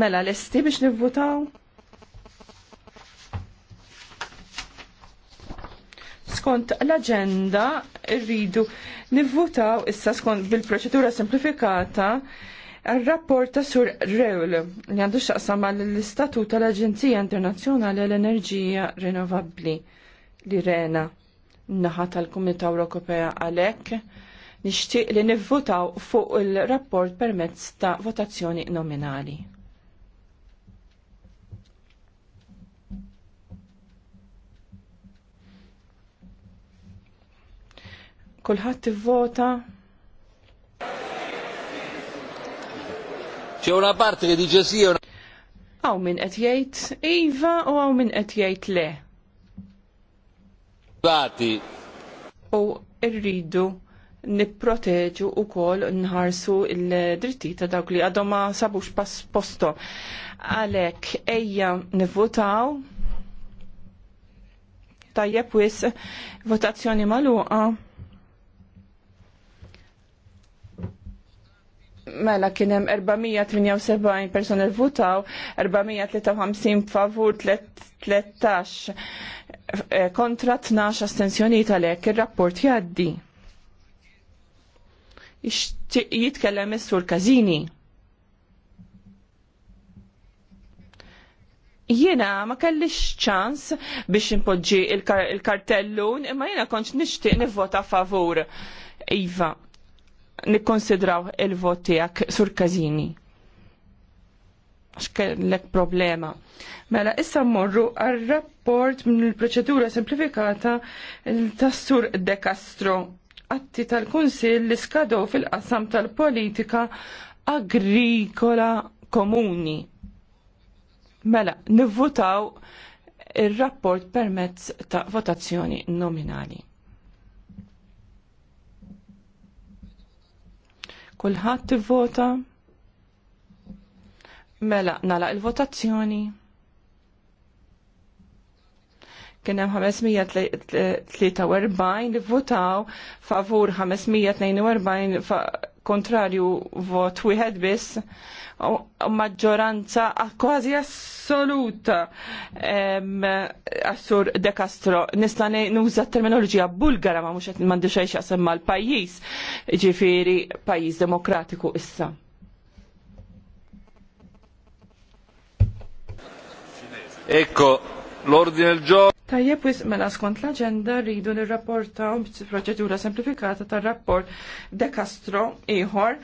Mela, l-esti biex nivvutaw? Skont l-agenda rridu nivvutaw issa skont bil-proċedura simplifikata il rapport ta' Sur Rewl li għandu xaqsam l-Istatut tal-Aġenzija Internazzjonali għall-Enerġija Rinnovabli li rena naħa tal-Kumitat Ewropea għalhekk Nixtieq li nivvotaw fuq il-rapport permezz ta' votazzjoni nominali. Kulħadd ivvota. C'è una parte che dice sì e una... Għaw qed jgħid iva u aw min qed jgħid le. Bati. U rridu nipproteġu u kol nħarsu il-dritti ta' dawk li għadhom ma sabux pas posto. Għalek, ejja nivvotaw tajjeb wis votazzjoni maluqa. Mela kien hemm 478 persone votaw, 453 favur, 13 eh, kontra 12 astensjoni tal-ek, ir rapport jgħaddi jitkellem is-sur Kazini. Jiena ma kellix ċans biex impoġġi il-kartellun, imma jiena kontx nixtieq nivvota favur. Iva, nikkonsidraw il-vot tiegħek sur Kazini. Għax kellek problema. Mela, issa mmorru għal rapport minn il proċedura semplifikata tas-sur De Castro atti tal-Kunsill li skadow fil-qasam tal-politika agrikola komuni. Mela, nivvutaw il-rapport permezz ta' votazzjoni nominali. Kulħadd tivvota? Mela, nala il-votazzjoni kien hemm 543 li votaw favur 542 kontrarju vot wieħed biss u maġġoranza kważi assoluta assur De Castro. Nista' nuża terminoloġija bulgara ma mhux qed m'għandi xejn x'aqsem mal-pajjiż, ġifieri pajjiż demokratiku issa. Ecco, L-ordine l-ġo. Tajjeb wis mela skont l-agenda rridu nirrapportaw proċedura semplifikata tar-rapport De Castro ieħor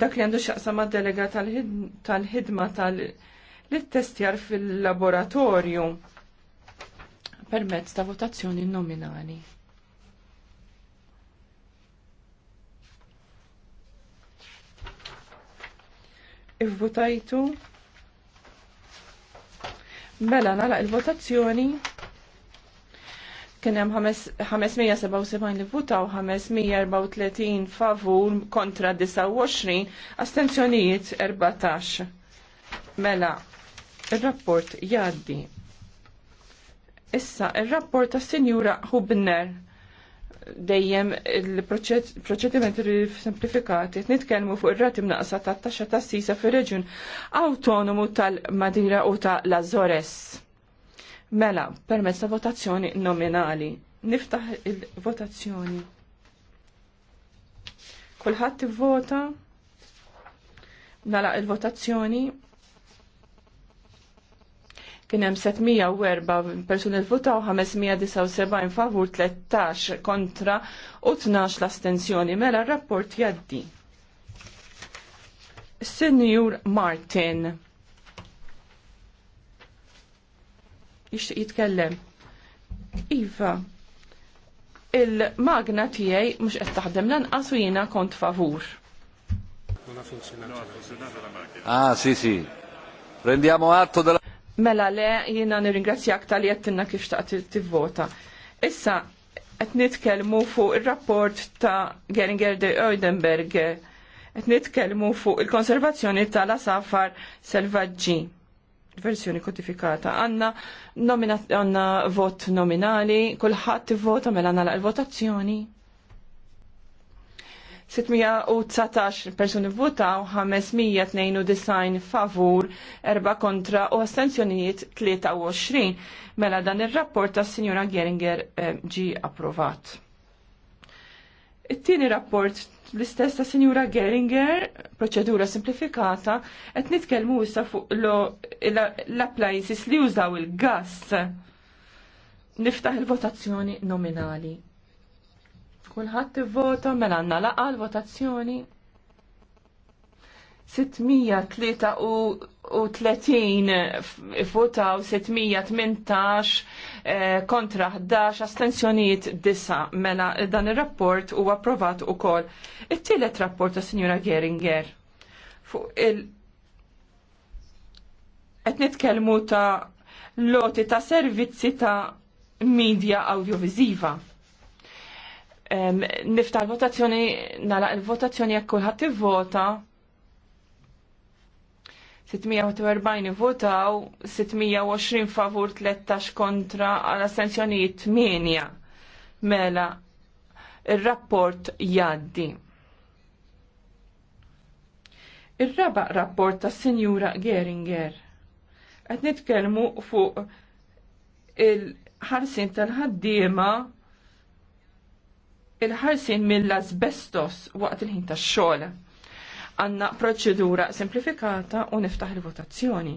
dak li għandu xaqsa ma' delega tal-ħidma tal-testjar fil-laboratorju permezz ta' votazzjoni nominali. Ivvotajtu Mela nagħlaq il-votazzjoni kien hemm 577 li votaw 534 favur kontra 29 astenzjonijiet 14. Mela, ir-rapport jgħaddi. Issa, ir-rapport tas-Sinjura Hubner dejjem il-proċedimenti semplifikati nitkellmu fuq ir-rati mnaqsa tat-taxxa tas-sisa fir-reġjun autonomu tal-Madira u tal-Azores. Mela, permezz ta' votazzjoni nominali. Niftaħ il-votazzjoni. Kulħadd ivvota. Nalaq il-votazzjoni. Kien hemm 704 persuni votaw 579 favur 13 kontra u 12 l-astenzjoni mela r-rapport jaddi. Senior Martin. Ix jitkellem. Iva, il-magna tiegħi mhux qed taħdem lanqas u kont favur. Ah, sì, sì. Prendiamo atto della Mela le, jiena nirringrazzjak tal jettinna kif taqt tivvota. Issa, qed nitkellmu fuq ir rapport ta' Geringer de Oudenberg, qed nitkellmu fuq il-konservazzjoni tal-asafar selvaġġi. Versjoni kodifikata. Għanna vot nominali, kulħadd vota mela nalaq il-votazzjoni. 619 persuni votaw, 592 favur, 4 kontra u astenzjonijiet 23. Mela dan il-rapport ta' Signora Geringer eh, ġi approvat. It-tieni rapport l-istess ta' Signora Geringer, proċedura simplifikata, qed nitkellmu issa fuq l-appliances li użaw il-gas. Niftaħ il-votazzjoni nominali. Kulħadd ivvota mela għandna laqa l-votazzjoni. 633 votaw 618 eh, kontra 11 astensjonijiet disa' mela dan ir-rapport huwa approvat ukoll. It-tielet rapport ta' Sinjura Geringer fuq il nitkellmu ta' loti ta' servizzi ta' media audiovisiva niftar votazzjoni, nara il-votazzjoni jekk kulħadd ivvota. 640 votaw, 620 favur, 13 kontra, għal assenzjonijiet 8. Mela, il-rapport jaddi. Ir-raba rapport ta' Sinjura Geringer. Qed nitkellmu fuq il-ħarsin tal-ħaddiema il-ħarsin mill-asbestos waqt il-ħin tax-xogħol. Għandna proċedura simplifikata u niftaħ il-votazzjoni.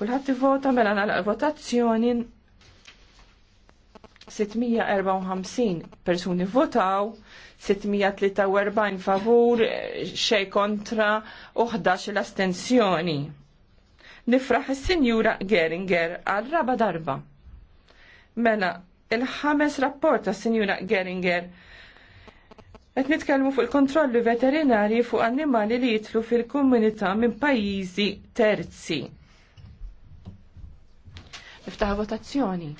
Kulħadd ivota mela nagħlaq votazzjoni 654 persuni votaw, 643 favur, xej kontra u 11 l-astensjoni. Nifraħ is-Sinjura Geringer għal raba darba. Mela, il-ħames rapport ta' Sinjura Geringer. Qed nitkellmu fuq il-kontrolli veterinari fuq annimali li jitlu fil-komunità minn pajjiżi terzi. Niftaħ votazzjoni.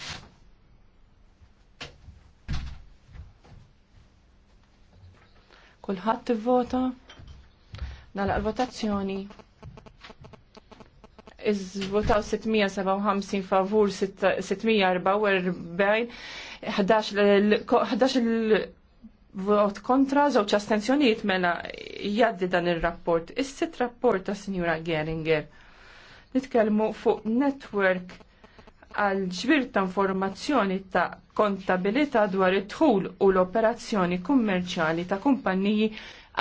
Kulħadd ivvota. Nagħlaq il-votazzjoni. Iżvotaw 657 favur 644, 11 il-vot kontra, żewġ astenzjonijiet mela jaddi dan ir-rapport. is sit rapport ta' Signora Geringer. Nitkellmu fuq network għal ġbir ta' informazzjoni ta' kontabilità dwar it dħul u l-operazzjoni kummerċjali ta' kumpanniji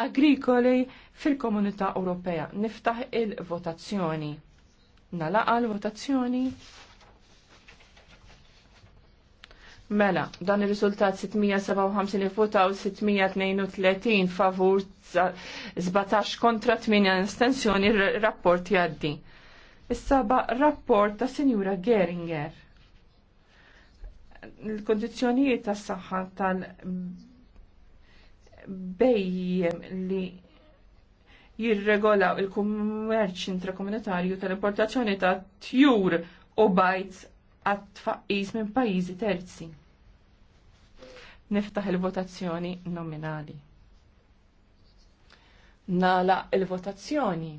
agrikoli fil-Komunità Ewropea. Niftaħ il-votazzjoni. Nalaqa l-votazzjoni. Mela, dan il-riżultat 657 votaw 632 favur 17 kontra 8 estensjoni rapport jaddi. Is-saba rapport ta' Sinjura Geringer. Il-kondizjonijiet tas-saħħa tal-bejjem li jirregolaw il-kummerċ intrakomunitarju tal-importazzjoni ta' tjur u bajt għat-tfaqqis minn pajjiżi terzi. Niftaħ il-votazzjoni nominali. Nala il-votazzjoni.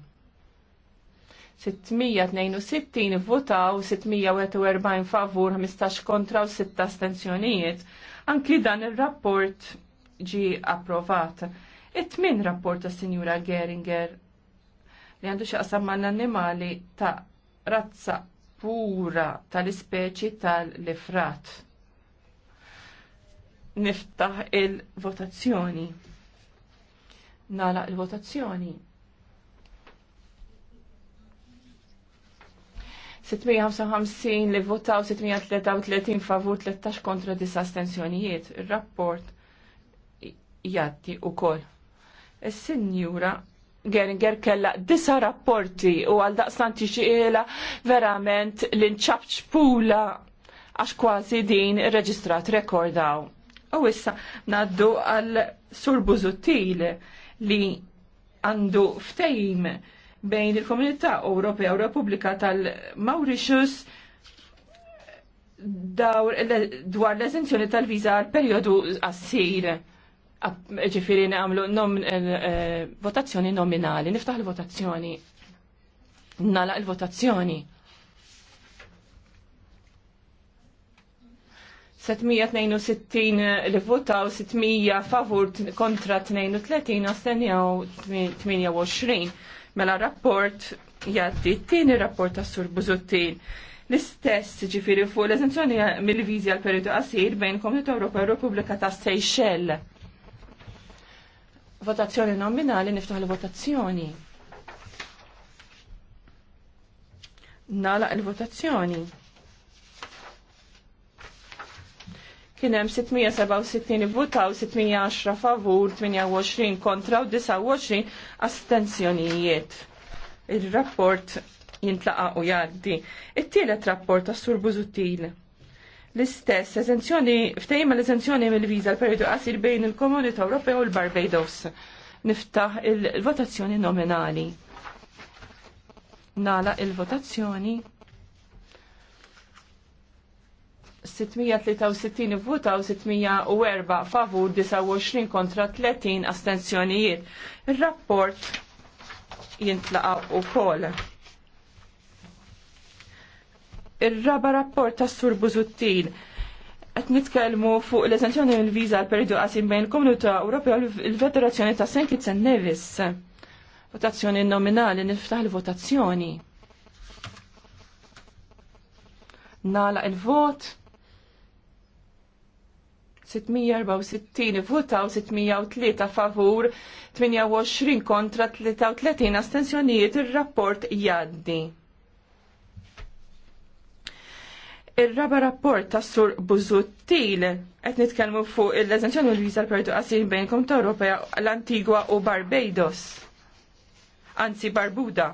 662 votaw, 641 favur, 15 kontra u 6 astenzjonijiet. Anki dan il-rapport ġi approvat. It-tmin rapport ta' Sinjura Geringer li għandu xaqsam ma' l-annimali ta' razza pura tal-ispeċi tal-lifrat. Niftaħ il-votazzjoni. Nala il-votazzjoni. 655 li votaw 633 favur 13 kontra disastenzjonijiet. Il-rapport jatti u koll. Is-Sinjura Geringer kella disa rapporti u għal daqslan tixiela verament l-inċabċ pula għax kważi din reġistrat rekordaw. U issa naddu għal Sur Buzutil li għandu ftejm bejn il-Komunità Ewropea u Repubblika tal-Mauritius dwar l-eżenzjoni tal-viza għal periodu għassir ġifiri għamlu eh, eh, votazzjoni nominali, niftaħ il-votazzjoni, nalaq il-votazzjoni. 762 li votaw, 600 favur kontra 32, astenjaw 28. Mela rapport jaddi t-tini rapport ta' Sur Buzuttin. L-istess ġifiri fuq l-eżenzjoni mill vizja l periodu qasir bejn Komunità Ewropa u Repubblika ta' Seychelles votazzjoni nominali niftaħ il-votazzjoni. Nalaq il-votazzjoni. Kien hemm 667 votaw, 610 favur, 28 kontra u 29 astenzjonijiet. Il-rapport jintlaqa u jaddi. It-tielet rapport tas-Sur Buzutil l-istess eżenzjoni, ftejma l-eżenzjoni mill-viza l-periodu qasir bejn il-Komunità Ewropea u l-Barbados. Niftaħ il-votazzjoni nominali. Nala il-votazzjoni. 663 vota u 604 favur 29 kontra 30 astenzjonijiet. Il-rapport jintlaqa u kol. Ir-raba rapport tas Sur Buzuttin. qed nitkellmu fuq l-eżenzjoni mill-viża għal periodu qasim bejn l komunità Ewropea u l-Federazzjoni ta' St. Kitts and Nevis. Votazzjoni nominali niftaħ il-votazzjoni. Nala il-vot. 664 votaw 603 favur, 28 kontra 33 astensjonijiet ir-rapport jaddi. Il-raba rapport ta' sur Buzuttil qed nitkellmu fuq il leżenzjoni u l-viża l-perdu qasin bejn Komta Ewropea l-Antigwa u Barbados. Anzi Barbuda.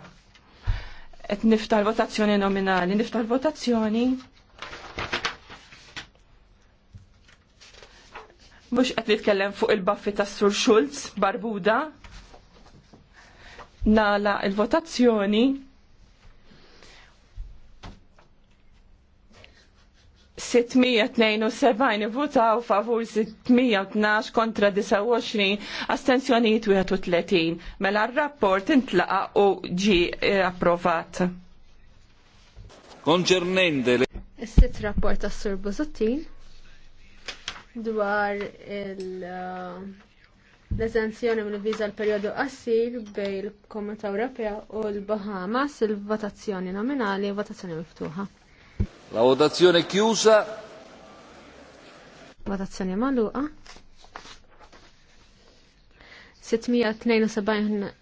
Qed l votazzjoni nominali, l votazzjoni. Mhux qed nitkellem fuq il-baffi tas sur Schulz, Barbuda. Nala il-votazzjoni. 672 votaw favur 612 kontra 29 astensjoniet 31. Mela r-rapport intlaqa u ġi eh, approvat. Konċernente le... Is-sitt rapport tas Sur Bozottin dwar l ezenzjoni eh, mill viża l perjodu qasir bejn il-Komunità Ewropea u l-Bahamas il-votazzjoni nominali votazzjoni miftuħa. La votazione è chiusa. Votazione maluqa. 672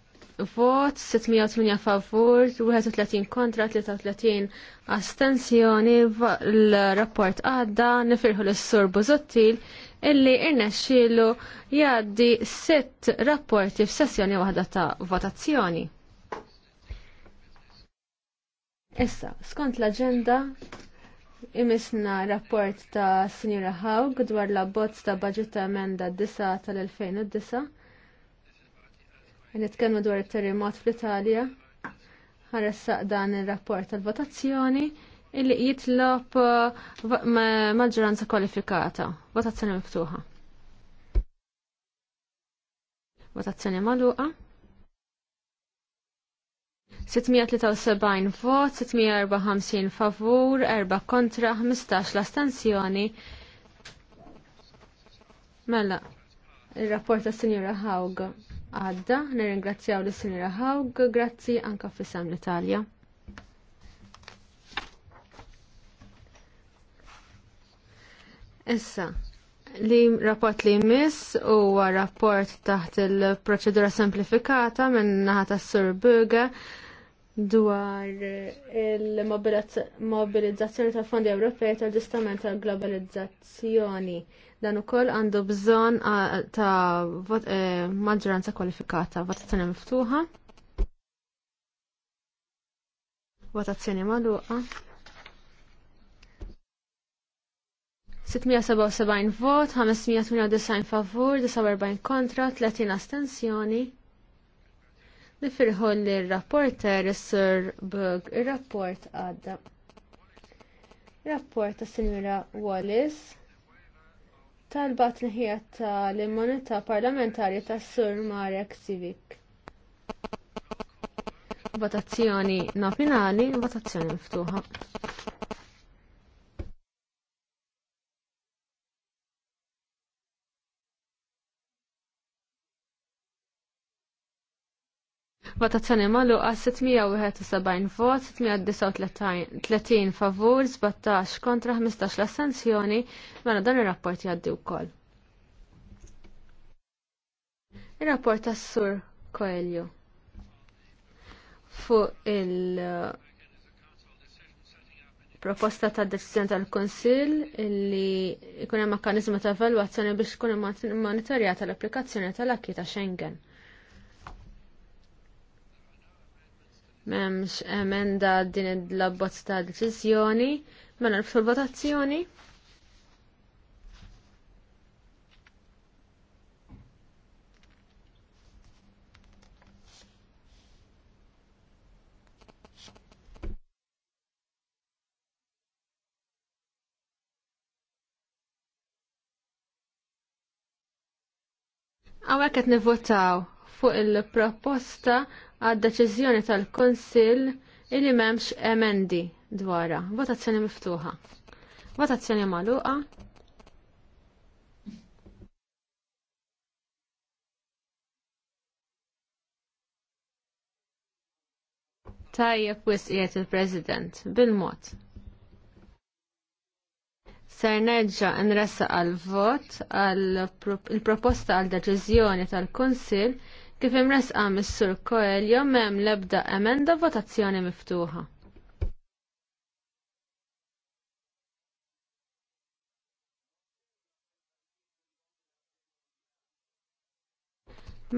vot, 608 favur, 31 kontra, 33 astensjoni, l-rapport għadda, nifirħu l-sur Buzottil, illi irnexxielu jgħaddi sitt rapporti f'sessjoni waħda ta' votazzjoni. Issa, skont l-agenda, imisna rapport ta' Sinjura Hawg dwar la bozz ta' budget ta' emenda 9 tal-2009. Nitkellmu dwar it-terremot fl-Italja. Ħaressaq dan ir-rapport tal-votazzjoni illi jitlob uh, maġġoranza kwalifikata. Votazzjoni miftuħa. Votazzjoni magħluqa. 673 vot, 654 favur, 4 kontra, 15 l-astensjoni. Mela, il-rapport ta' Sinjora Haug għadda, nirringrazzjaw li Sinjora Haug, grazzi anka fissam l-Italja. Issa, li rapport li jmiss huwa rapport taħt il-proċedura semplifikata minn naħa tas-Sur Böge dwar il-mobilizzazzjoni tal fondi Ewropej tal-ġustament tal-globalizzazzjoni. Dan ukoll għandu bżonn ta' maġġoranza kwalifikata, votazzjoni miftuħa. Votazzjoni magħluqa. 677 vot, 598 favur, 49 kontra, 30 astensjoni nifirħu li rapporter Sir Bug il-rapport għadda. Rapport ta' Sinjura Wallis talbat l tal-immunità parlamentari ta' Sir Marek Civic. Votazzjoni nominali, votazzjoni miftuħa. Votazzjoni magħluqa 671 vot, 639 favur, 17 kontra 15 l-assenzjoni, mela dan ir-rapport jgħaddi wkoll. Ir-rapport tas-Sur Coelho Fu il- proposta ta' deċizjoni tal-Konsil li jkun hemm mekkaniżmu ta' evalwazzjoni biex tkun monitorjata l-applikazzjoni tal-akki ta' Schengen. memx emenda din l-abbozz ta' deċiżjoni, mela nifsu l-votazzjoni. Għawek għet nivotaw fuq il-proposta għad deċiżjoni tal kunsill illi m'hemmx emendi dwarha. Votazzjoni miftuħa. Votazzjoni magħluqa. Tajjeb wisqiet il-President bil-mod. Ser nerġa' nressa għal vot għal il-proposta għal deċiżjoni tal-Kunsill Kif imresqa mis-Sur Coelho m'hemm l-ebda emenda votazzjoni miftuħa.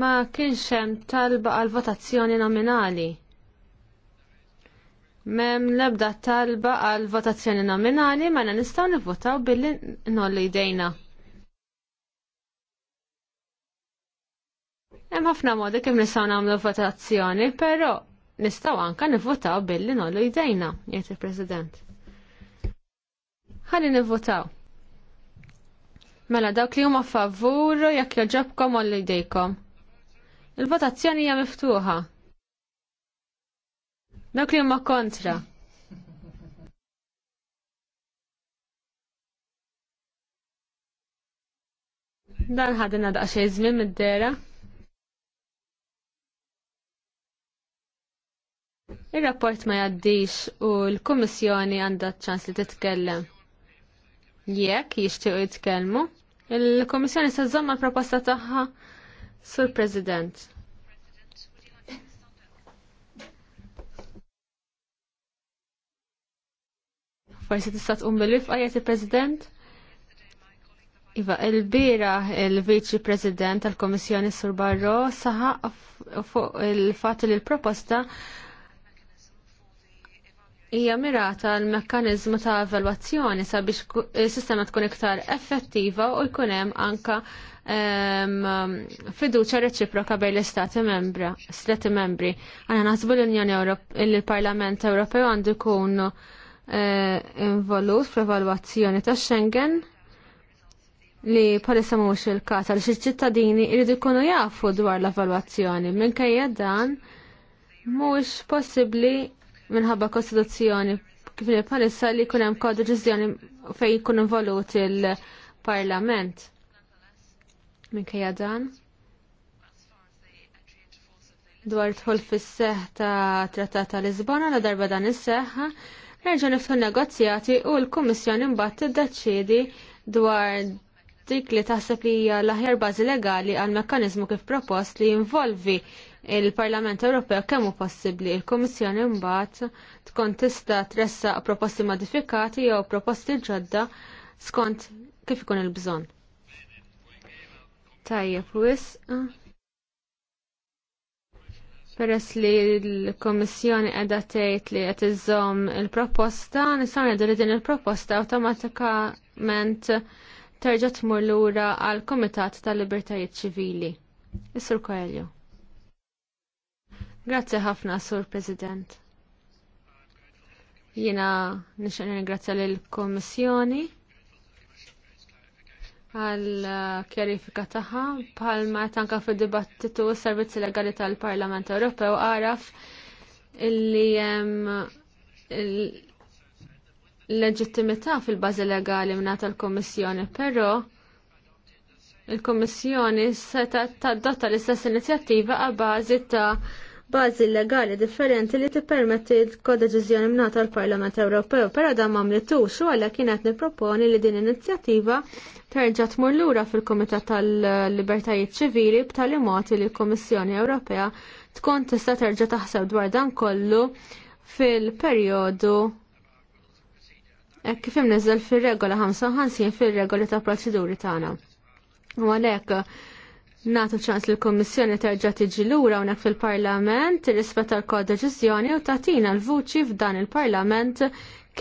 ma kienx hemm talba għal votazzjoni nominali. Mem lebda talba għal votazzjoni nominali ma mela nistgħu nivvotaw billi nolli jdejna. ħafna modi kemm nistgħu nagħmlu votazzjoni, però nistgħu anke nivvotaw billi nollu jdejna, jgħid il-President. Ħalli nivvotaw. Mela dawk li huma favur jekk joġobkom ollu jdejkom. Il-votazzjoni hija miftuħa. Dawk li huma kontra. Dan ħadina daqsxejn żmien mid-dera. Il-rapport ma jaddix u l-Kummissjoni għandha ċans li titkellem. Jekk jixtiequ jitkellmu, il-Kummissjoni se żomm l-proposta tagħha sur President. Forsi tista' tqum bil-wifqa jgħid il-President? Iva, il-bira il-Viċi President iva il bira il viċi president tal kummissjoni Sur Barro saħaq fuq il fatt li l-proposta hija mirata l mekkaniżmu ta' evalwazzjoni sabiex is-sistema eh, tkun iktar effettiva u jkun hemm anka fiduċa reċiproka bejn l-Istati membra, Stati membri. Għana nasbu l-Unjoni Ewropea, il-Parlament Ewropew għandu jkun eh, involut fl-evalwazzjoni ta' Schengen li palissa mhux il-kas għal xi-ċittadini jridu jkunu jafu dwar l-evalwazzjoni minkejja dan mhux possibbli minħabba kostituzzjoni kif li palissa li kunem kod ġizjoni fej kun involut il-parlament. Minkejja dan? Dwar tħol fis-seħ ta' trattat ta' Lisbona la darba dan is-seħħa, nerġa' niftu negozjati u l-Kummissjoni mbagħad tiddeċiedi dwar dik li taħseb li hija l-aħjar bażi legali għal mekkaniżmu kif propost li jinvolvi il-Parlament Ewropew kemm hu possibbli il-Kummissjoni mbagħad tkun tista' tressaq proposti modifikati jew proposti ġodda skont kif ikun il-bżonn. Tajjeb wis. Ah. Peress li l-Kommissjoni qiegħda tgħid li qed iżżomm il-proposta, nista' ngħidu li din il-proposta awtomatikament terġa' tmur lura għall Kumitat tal-Libertajiet Ċivili. Is-Sur Koelju. Grazzi ħafna, Sur President. Jiena nixan ringrazzja lill-Kummissjoni għal uh, kjarifika tagħha bħalma tanka fid dibattitu s servizzi legali tal-Parlament Ewropew għaraf illi hemm l-leġittimità fil-bażi legali mingħata tal kummissjoni però il-Kummissjoni se tadotta l-istess inizjattiva għal ta' bażi legali differenti li tippermetti l-kodeċiżjoni mnata l-Parlament Ewropew, però dan m'għamlitux u għalhekk kien qed nipproponi li din inizjattiva terġa' tmur lura fil-Kumitat tal-Libertajiet Ċivili b'tali mod li l-Kummissjoni Ewropea tkun tista' terġa' taħseb dwar dan kollu fil-perjodu kif imnizzel fil-regola 55 fil-regoli ta' proċeduri tagħna. U għalhekk natu ċans li l-Kommissjoni terġa' tiġi lura hawnhekk fil-Parlament rispetta l-kodeċiżjoni u tatina l-vuċi f'dan il-Parlament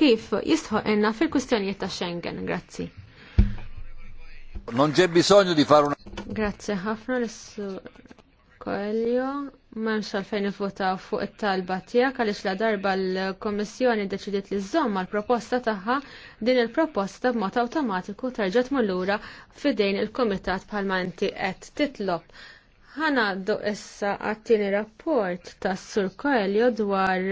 kif inna fil-kwistjonijiet ta' Schengen. Grazzi. Non c'è bisogno di fare una... Grazie ħafna l Coelho. Memx għalfejn votaw fuq it-talba tiegħek għaliex la darba l-Kommissjoni deċidiet li żomma l-proposta tagħha din il-proposta b'mod awtomatiku terġa' lura f'idejn il-Kumitat Parlamenti qed titlob. Ħanaddu issa għat-tieni rapport tas Sur Coelho dwar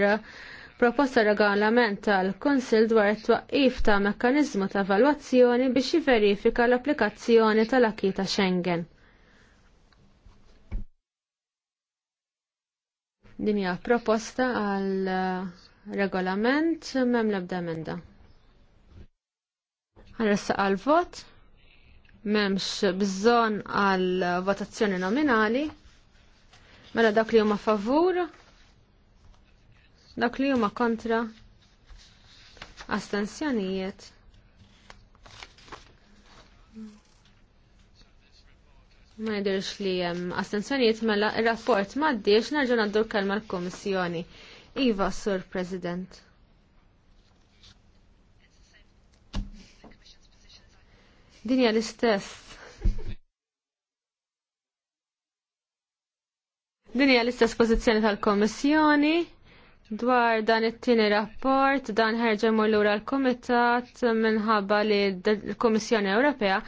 proposta regolament tal-Kunsil dwar it-twaqqif ta' mekkaniżmu ta' evalwazzjoni biex jiverifika l-applikazzjoni tal-akita Schengen. Dinja proposta għal eh, regolament mem ebda emenda. Għarressa għal vot, memx bżon għal votazzjoni nominali, mela dak li huma favur, dak li huma kontra, astensjonijiet. Ma jidirx li jem astenzjoniet mela il-rapport maddiex nerġu naddur kalma l-Komissjoni. Iva, Sur President. Dinja l-istess. Dinja l-istess pozizjoni tal-Komissjoni dwar dan it-tieni rapport dan ħerġa lura l-Kumitat minħabba li l-Komissjoni Ewropea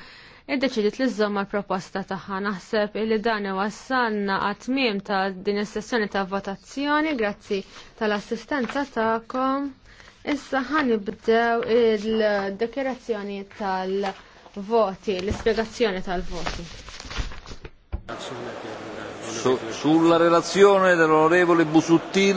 iddeċidiet li żomma l-proposta tagħha. Naħseb li dan iwassalna għatmim tmiem ta' din is-sessjoni ta' votazzjoni grazzi tal-assistenza tagħkom. Issa ħanibdew il-dekjerazzjoni tal-voti, l ispiegazzjoni tal-voti. Sulla relazione dell'onorevole Busuttil